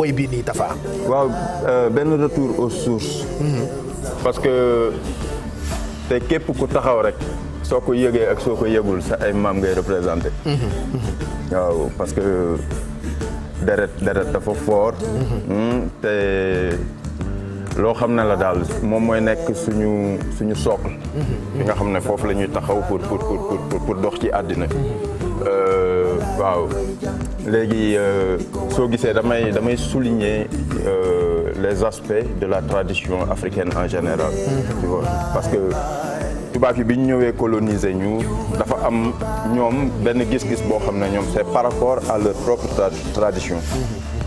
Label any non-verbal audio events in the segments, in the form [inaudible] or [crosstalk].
woy bii nii Tafa. waaw euh, benn retour aux sources. Mhm. parce que te képp ku taxaw rek. soo ko yëgee ak soo ko yëgul sa ay maam ngay représenté. Mhm, mhm. waaw parce que deret deret dafa fort. Hmm, te loo xam ne la daal moom mooy nekk suñu suñu socle. nga xam ne foofu la ñuy taxaw pour pour pour pour dox ci àddina. Euh, waaw léegi euh, soo gisee damay damay souligner euh, les aspects de la tradition africaine en général. parce que tubaab yi bi ñu ñëwee coloniser ñu dafa am ñoom benn gis-gis boo xam ne ñoom c'est par rapport à leur propre tradition.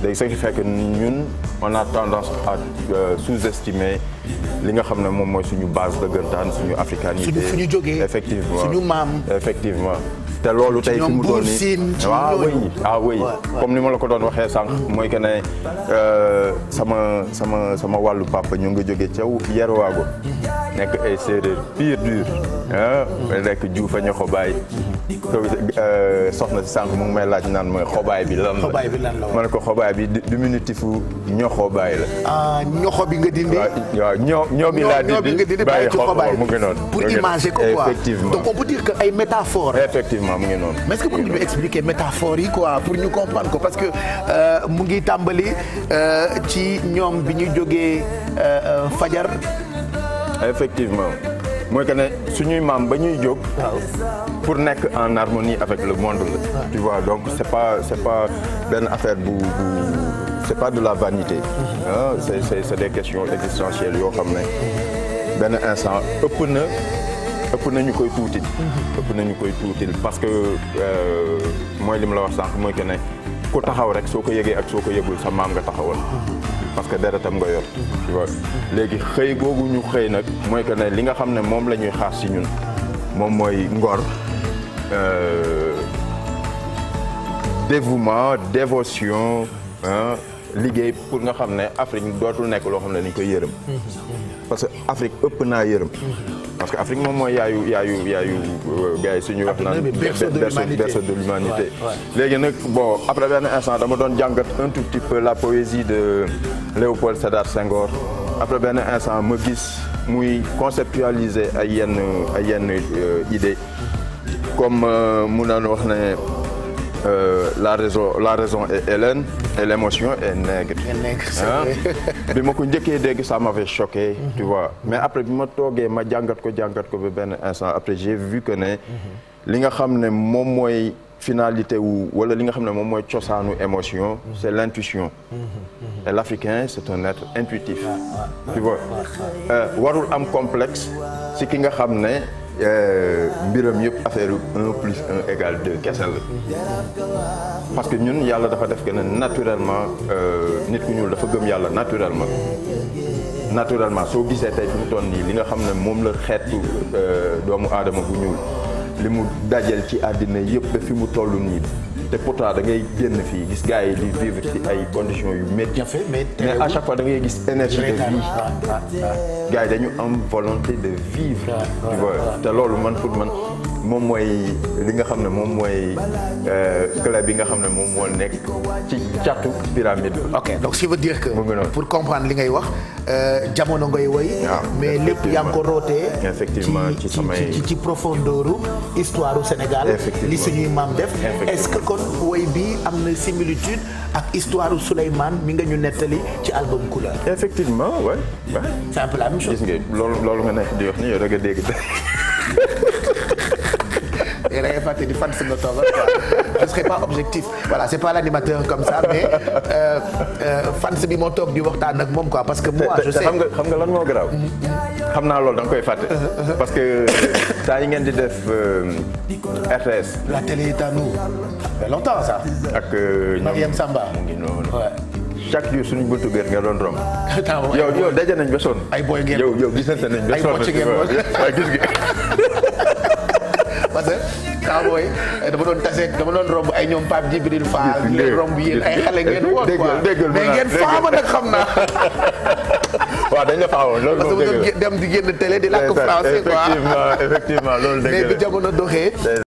léegi ce qui fait que ñun on a tendance à euh, sous-estimer li nga xam ne moom mooy suñu base dëggantaan suñu africanité. suñu fu ñu jógee effectivement suñu maam effectivement. te loolu tey fi mu toll nii waaw ah oui ah comme ni ma la ko doon waxee sànq mooy que ne euh, sama sama sama wàllu papa ñu ngi jóge caw Yerwaago nekk ay séeréer pur dur ah nekk Diouf a ñoo ko bàyyi Euh, soxna si sànq mu ngi may laaj naan mooy xobaay bi lan la xobaay bi lan la ma ko xobaay bi diminutif ñoo xobaay la. ah ñoxo bi nga dindi. waaw ñoo ñoo bi laa dindi bàyyi xobaay mu ngi noonu. pour imager ko quoi effectivement donc on peut dire que ay métaphores. effectivement mu ngi noonu. mais est-ce que mën nga ñu expliquer métaphores yi quoi pour ñu comprendre ko parce que euh, mu ngi tàmbali euh, ci ñoom bi ñuy jógee fajar. effectivement. mooy que ne suñuy maam ba ñuy jóg. pour nekk en harmonie avec le monde la. tu vois donc c' pas c' est benn affaire bu bu c' est pas de la vanité. Mm-hmm. ah c' des questions existentielles yoo xam ne mm-hmm. benn instant ëpp na. ëpp nañu koy tuutil mm-hmm. ëpp nañu koy tuutil parce que euh, mooy li ma la wax mooy que ne ku taxaw rek soo ko yëgee ak soo ko yëgul sa maam nga taxawal parce que deretam nga yor tu vois léegi xëy googu ñu xëy nag mooy que ne li nga xam ne moom la ñuy xaar si ñun moom mooy ngor euh, dévouement dévotion liggéey pour nga xam ne Afrique dootul nekk loo xam ne dañ koy yërëm. parce que Afrique ëpp naa yërëm. parce que Afrique moom mooy yaayu yaayu yaayu euh, gars suñu wax naan berceau de l'humanité léegi nag bon après benn instant dama doon jàngat un tout petit peu la poésie de Léopold Sédar Senghor après benn instant ma gis muy conceptualiser ay yenn ay yenn euh, idée comme euh, mu naan wax ne euh, la raison la raison est Hélène l'émotion est nègre. Ah. [laughs] bi ma ko njëkkee dégg ça m'avait choqué. Mhm. tu vois mais après bi ma toogee ma jàngat ko jàngat ko ba benn instant après j'ai vu que ne. Mhm. li nga xam ne moom mooy finalité wu wala li nga xam ne moom mooy cosaanu émotion. Mhm. c'est l'intuition. et l'africain c'est un être intuitif. Ah, ah, tu vois euh, warul am complexe si ki nga xam ne. Euh, mbiram yëpp affaire un plus un égale deux kese la parce que ñun yàlla dafa def que ne naturellement euh, nit ku ñuul dafa gëm yàlla naturellement naturellement soo gisee tey fi mu toll nii li nga xam ne moom la xeetu euh, doomu aadama bu ñuul li mu dajal ci àddina yëpp fi mu toll nii te pourtant da ngay génn fii gis gars yi di vivre ci ay conditions yu métti. mais à chaque fois da ngay gis énergie de vie. Ah, ah, ah. gars yi dañu am volonté de vivre. tu vois te loolu man pour man. moom mooy li nga xam ne moom mooy euh, clé bi nga xam ne moom moo nekk ci catu pyramide bi. ok donc ce qui veut dire que. pour comprendre li ngay wax euh, jamono ngay woy. Ah, mais lépp yaa ngi ko rootee. effectivement ci samay ci ci profondeur histoire du Sénégal. li suñuy maam def. est-ce que kon woy bi am na similitude ak histoire du Souleymane mi nga ñu nettali ci album Couleur. effectivement oui. c'est un peu la même loolu loolu nga nekk di wax ni yow da dégg. [laughs] fàtte di fan si nga toogal je serai pas objectif voilà c'est pas l'animateur comme ça mais euh, euh, fan si bi moo toog di waxtaan ak parce que moi je sais xam nga xam nga lan moo garaaw xam naa loolu da nga koy fàtte parce que temps yi ngeen di def euh, RTS la télé est à nous longtemps ça ak Mariam Samba mu ngi noonu chaque jour suñu buntu biir nga doon romb. [laughs] yow yow daje nañ ba sonn. ay booy nañ ba sonn. ay bocc ngeen [laughs] Cowboy eh, dama doon tase dama doon romb ay ñoom Pape Djibril Fall ngeen romb yéen ay xale ngeen woon quoi mais ngeen faama nag xam naa [laughs] waaw dañ la faawoon loolu moom dëgg la parce que dem di génn télé di làkk français quoi effectivement effectivement loolu dëgg la mais bi jamono doxee